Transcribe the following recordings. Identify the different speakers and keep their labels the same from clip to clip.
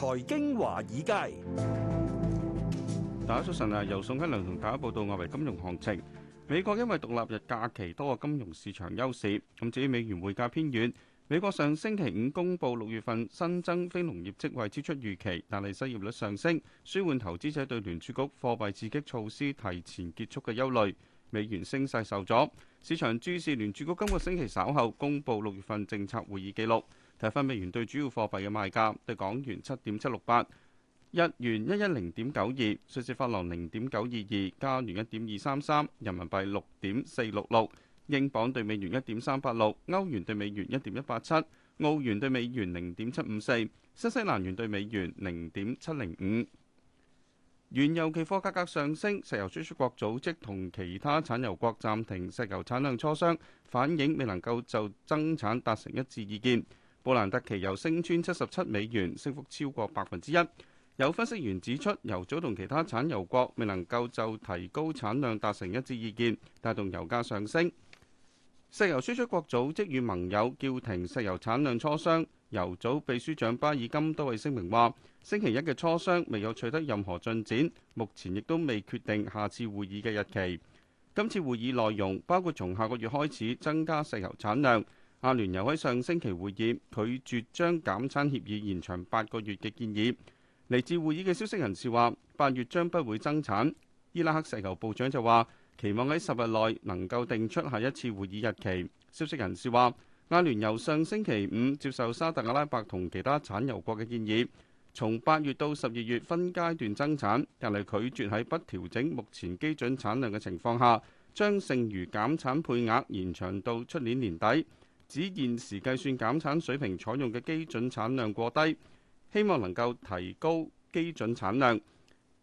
Speaker 1: 財經華爾街，大家早晨啊！由宋欣瑋同大家報道外圍金融行情。美國因為獨立日假期多個金融市場休市，咁至於美元匯價偏軟。美國上星期五公布六月份新增非農業職位超出預期，但係失業率上升，舒緩投資者對聯儲局貨幣刺激措施提前結束嘅憂慮。美元升勢受阻，市場注視聯儲局今個星期稍後公布六月份政策會議記錄。睇返美元對主要貨幣嘅賣價：對港元七點七六八，日元一一零點九二，瑞士法郎零點九二二，加元一點二三三，人民幣六點四六六，英鎊對美元一點三八六，歐元對美元一點一八七，澳元對美元零點七五四，新西蘭元對美元零點七零五。原油期貨價格上升，石油輸出國組織同其他產油國暫停石油產量磋商，反映未能夠就，就增產達成一致意見。布蘭特期油升穿七十七美元，升幅超過百分之一。有分析員指出，油組同其他產油國未能夠就，就提高產量達成一致意見，帶動油價上升。石油輸出國組織與盟友叫停石油產量磋商，油組秘書長巴爾金都會聲明話：星期一嘅磋商未有取得任何進展，目前亦都未決定下次會議嘅日期。今次會議內容包括從下個月開始增加石油產量。阿聯酋喺上星期會議拒絕將減產協議延長八個月嘅建議。嚟自會議嘅消息人士話：八月將不會增產。伊拉克石油部長就話。期望喺十日內能夠定出下一次會議日期。消息人士話，阿聯酋上星期五接受沙特阿拉伯同其他產油國嘅建議，從八月到十二月分階段增產，但係拒絕喺不調整目前基準產量嘅情況下，將剩餘減產配額延長到出年年底。指現時計算減產水平採用嘅基準產量過低，希望能夠提高基準產量。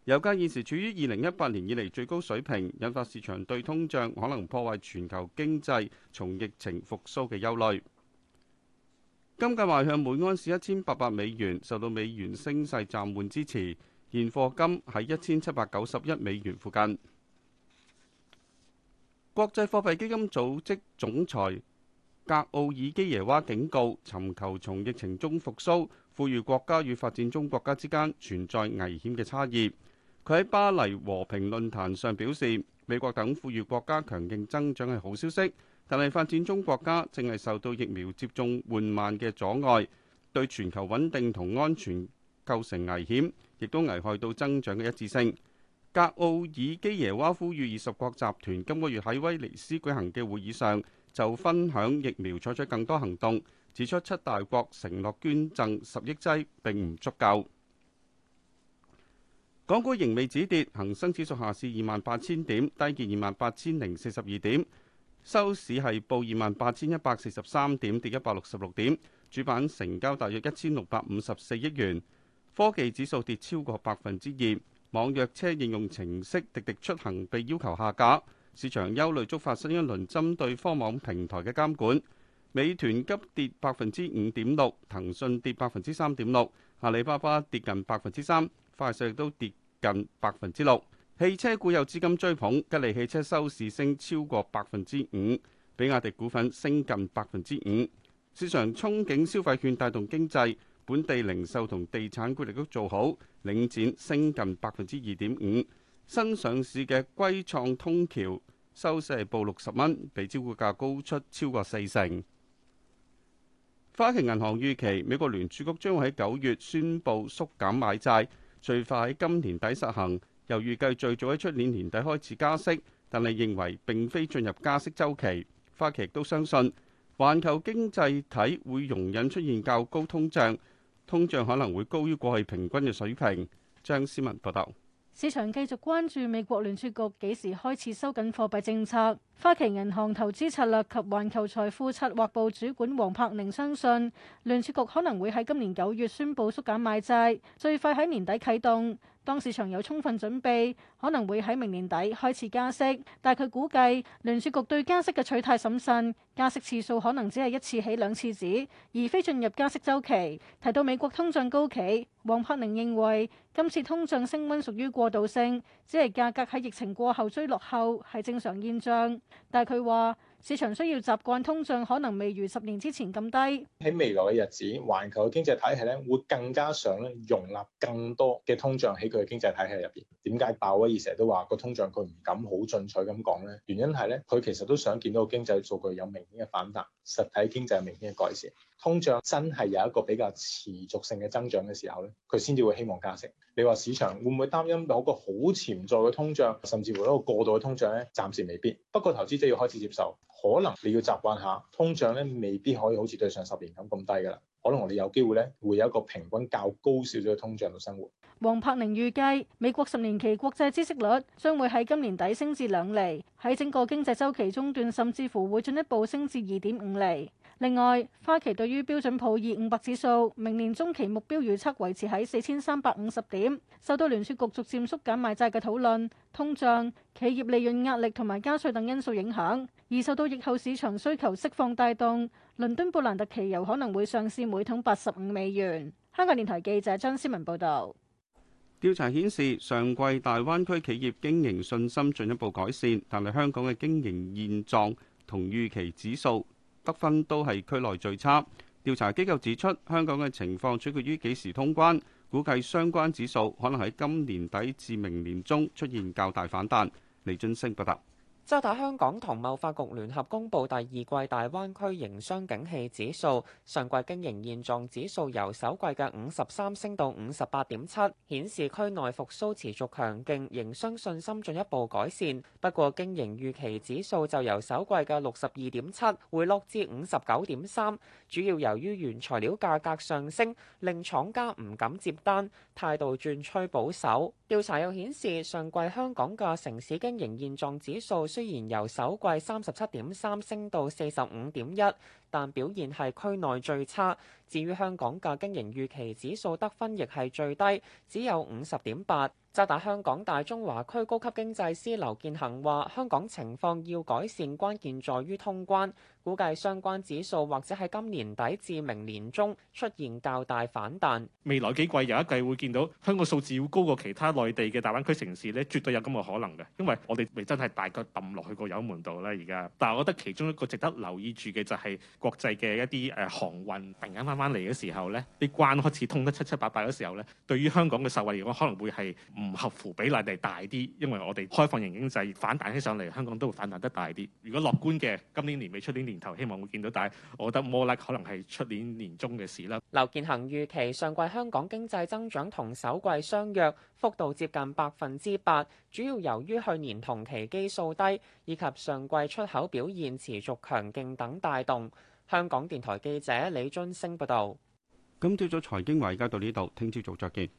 Speaker 1: 油價現時處於二零一八年以嚟最高水平，引發市場對通脹可能破壞全球經濟從疫情復甦嘅憂慮。金價邁向每盎司一千八百美元，受到美元升勢暫緩支持。現貨金喺一千七百九十一美元附近。國際貨幣基金組織總裁格奧爾基耶娃警告，尋求從疫情中復甦，富裕國家與發展中國家之間存在危險嘅差異。佢喺巴黎和平論壇上表示，美國等富裕國家強勁增長係好消息，但係發展中國家正係受到疫苗接種緩慢嘅阻礙，對全球穩定同安全構成危險，亦都危害到增長嘅一致性。格奧爾基耶娃呼籲二十國集團今個月喺威尼斯舉行嘅會議上，就分享疫苗採取更多行動，指出七大國承諾捐贈十億劑並唔足夠。港股仍未止跌，恒生指數下市二萬八千點，低見二萬八千零四十二點，收市係報二萬八千一百四十三點，跌一百六十六點。主板成交大約一千六百五十四億元。科技指數跌超過百分之二，網約車應用程式滴滴出行被要求下架，市場憂慮觸發新一輪針對科網平台嘅監管。美團急跌百分之五點六，騰訊跌百分之三點六，阿里巴巴跌近百分之三。快手亦都跌近百分之六，汽車股有資金追捧，吉利汽車收市升超過百分之五，比亞迪股份升近百分之五。市場憧憬消費券帶動經濟，本地零售同地產股力都做好，領展升近百分之二點五。新上市嘅歸創通橋收市報六十蚊，比招股價高出超過四成。花旗銀行預期美國聯儲局將會喺九月宣布縮減買債。最快喺今年底實行，又預計最早喺出年年底開始加息，但係認為並非進入加息周期。花旗亦都相信，環球經濟體會容忍出現較高通脹，通脹可能會高於過去平均嘅水平。張思文報道。
Speaker 2: 市場繼續關注美國聯儲局幾時開始收緊貨幣政策。花旗銀行投資策略及環球財富策劃部主管黃柏寧相信，聯儲局可能會喺今年九月宣布縮減買債，最快喺年底啟動。當市場有充分準備，可能會喺明年底開始加息，但佢估計聯儲局對加息嘅取態審慎，加息次數可能只係一次起兩次止，而非進入加息周期。提到美國通脹高企，王柏寧認為今次通脹升溫屬於過渡性，只係價格喺疫情過後追落後係正常現象，但佢話。市場需要習慣通脹可能未如十年之前咁低。
Speaker 1: 喺未來嘅日子，環球嘅經濟體系咧會更加想咧容納更多嘅通脹喺佢嘅經濟體系入邊。點解鮑威爾成日都話個通脹佢唔敢好進取咁講咧？原因係咧，佢其實都想見到經濟數據有明顯嘅反彈，實體經濟有明顯嘅改善。通脹真係有一個比較持續性嘅增長嘅時候咧，佢先至會希望加息。你話市場會唔會擔心有個好潛在嘅通脹，甚至乎一個過度嘅通脹咧？暫時未必。不過投資者要開始接受，可能你要習慣下通脹咧，未必可以好似對上十年咁咁低㗎啦。可能我哋有機會咧，會有一個平均較高少少嘅通脹度生活。
Speaker 2: 黃柏寧預計美國十年期國債孳息率將會喺今年底升至兩厘，喺整個經濟周期中段，甚至乎會進一步升至二點五厘。另外，花旗對於標準普爾五百指數明年中期目標預測維持喺四千三百五十點。受到聯儲局逐漸縮減買債嘅討論、通脹、企業利潤壓力同埋加稅等因素影響，而受到疫後市場需求釋放帶動，倫敦布蘭特期油可能會上市每桶八十五美元。香港電台記者張思文報導。
Speaker 1: 調查顯示，上季大灣區企業經營信心進一步改善，但係香港嘅經營現狀同預期指數得分都係區內最差。調查機構指出，香港嘅情況取決於幾時通關，估計相關指數可能喺今年底至明年中出現較大反彈。李津升報道。
Speaker 3: 渣打香港同貿發局聯合公佈第二季大灣區營商景氣指數，上季經營現狀指數由首季嘅五十三升到五十八點七，顯示區內復甦持續強勁，營商信心進一步改善。不過經營預期指數就由首季嘅六十二點七回落至五十九點三，主要由於原材料價格上升，令廠家唔敢接單，態度轉趨保守。調查又顯示上季香港嘅城市經營現狀指數，雖然由首季三十七點三升到四十五點一，但表現係區內最差。至於香港嘅經營預期指數得分亦係最低，只有五十點八。渣打香港大中華區高級經濟師劉建恒話：香港情況要改善，關鍵在於通關。估計相關指數或者喺今年底至明年中出現較大反彈。未來幾季有一季會見到香港數字會高過其他內地嘅大灣區城市呢，絕對有咁嘅可能嘅。因為我哋未真係大腳抌
Speaker 1: 落去個油門度啦。而家，但係我覺得其中一個值得留意住嘅就係國際嘅一啲誒航運突然間翻翻嚟嘅時候呢，啲關開始通得七七八八嘅時候呢，對於香港嘅受惠嚟講，可能會係唔.唔合乎比例地大啲，因為我哋開放型經濟反彈起上嚟，香
Speaker 3: 港都會反彈得大啲。如果樂觀嘅，今年年尾出年年頭希望會見到大。但我覺得摩拉、like、可能係出年年中嘅事啦。劉建恒預期上季香港經濟增長同首季相若，幅度接近百分之八，主要由於去年同期基數低，以及上季出口表現持續強勁等帶動。香港電台記者李津星報道。咁，
Speaker 1: 今朝早財經華爾街到呢度，聽朝早再見。